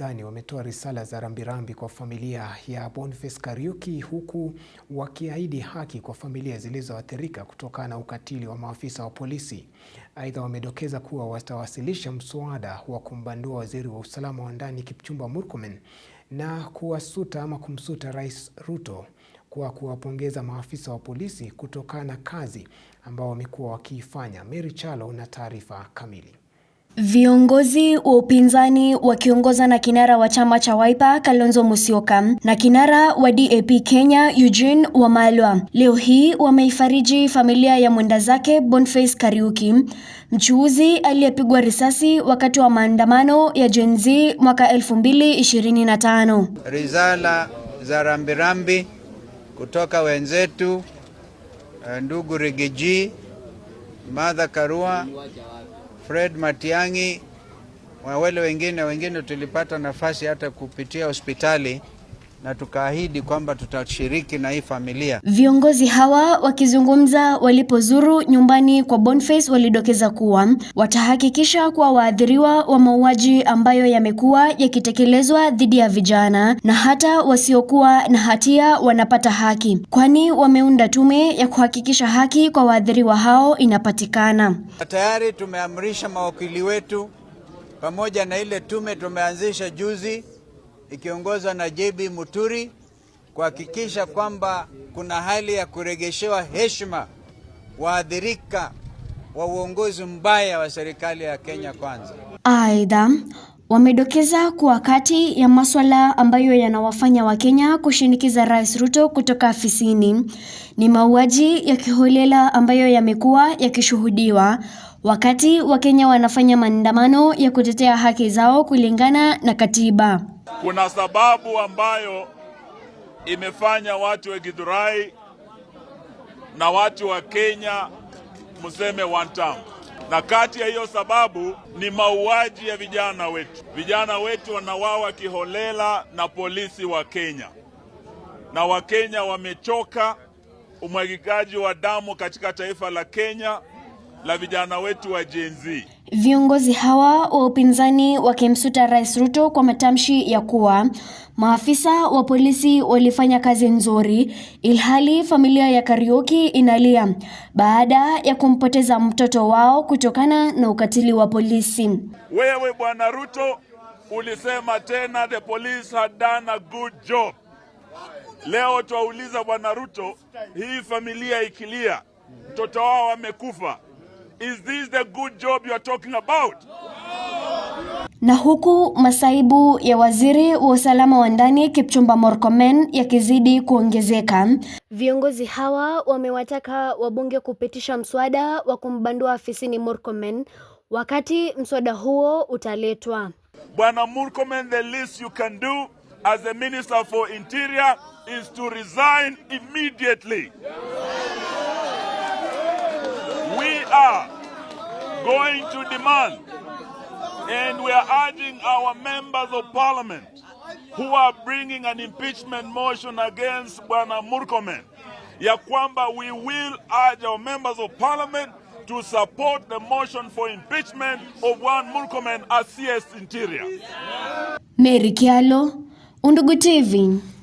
Dani wametoa risala za rambirambi kwa familia ya Boniface Kariuki huku wakiahidi haki kwa familia zilizoathirika kutokana na ukatili wa maafisa wa polisi. Aidha, wamedokeza kuwa watawasilisha mswada wa kumbandua Waziri wa Usalama wa Ndani Kipchumba Murkomen na kuwasuta ama kumsuta Rais Ruto kwa kuwapongeza maafisa wa polisi kutokana na kazi ambao wamekuwa wakiifanya. Mary Kyalo na taarifa kamili. Viongozi wa upinzani wakiongoza na kinara wa chama cha Wiper Kalonzo Musyoka na kinara wa DAP Kenya Eugene Wamalwa leo hii wameifariji familia ya mwenda zake Boniface Kariuki, mchuuzi aliyepigwa risasi wakati wa maandamano ya Gen Z mwaka 2025. Rizala za rambirambi kutoka wenzetu eh, ndugu Rigiji, Martha Karua Fred Matiang'i na wale wengine wengine tulipata nafasi hata kupitia hospitali na tukaahidi kwamba tutashiriki na hii familia. Viongozi hawa wakizungumza walipozuru nyumbani kwa Boniface walidokeza kuwa watahakikisha kuwa waathiriwa wa mauaji ambayo yamekuwa yakitekelezwa dhidi ya vijana na hata wasiokuwa na hatia wanapata haki, kwani wameunda tume ya kuhakikisha haki kwa waathiriwa hao inapatikana. Tayari tumeamrisha mawakili wetu pamoja na ile tume tumeanzisha juzi ikiongozwa na JB Muturi kuhakikisha kwamba kuna hali ya kuregeshewa heshima waadhirika wa uongozi mbaya wa serikali ya Kenya Kwanza. Aidha, wamedokeza kuwa kati ya masuala ambayo yanawafanya Wakenya kushinikiza Rais Ruto kutoka afisini ni mauaji ya kiholela ambayo yamekuwa yakishuhudiwa wakati Wakenya wanafanya maandamano ya kutetea haki zao kulingana na katiba. Kuna sababu ambayo imefanya watu wa Githurai na watu wa Kenya mseme one time, na kati ya hiyo sababu ni mauaji ya vijana wetu. Vijana wetu wanawawa kiholela na polisi wa Kenya, na Wakenya wamechoka umwagikaji wa damu katika taifa la Kenya la vijana wetu wa Gen Z. Viongozi hawa wa upinzani wakimsuta Rais Ruto kwa matamshi ya kuwa maafisa wa polisi walifanya kazi nzuri ilhali familia ya Kariuki inalia baada ya kumpoteza mtoto wao kutokana na ukatili wa polisi. Wewe Bwana Ruto ulisema tena the police had done a good job. Leo twauliza Bwana Ruto, hii familia ikilia mtoto wao amekufa Is this the good job you are talking about? Na huku masaibu ya waziri wa usalama wa ndani Kipchumba Murkomen yakizidi kuongezeka, viongozi hawa wamewataka wabunge kupitisha mswada wa kumbandua afisini Murkomen wakati mswada huo utaletwa. Bwana Murkomen, the least you can do as the minister for interior is to resign immediately. Yeah. We are going to demand and we are urging our members of parliament who are bringing an impeachment motion against Bwana Murkomen ya kwamba we will urge our members of parliament to support the motion for impeachment of Bwana Murkomen as CS Interior. Mary Kialo, Undugu TV.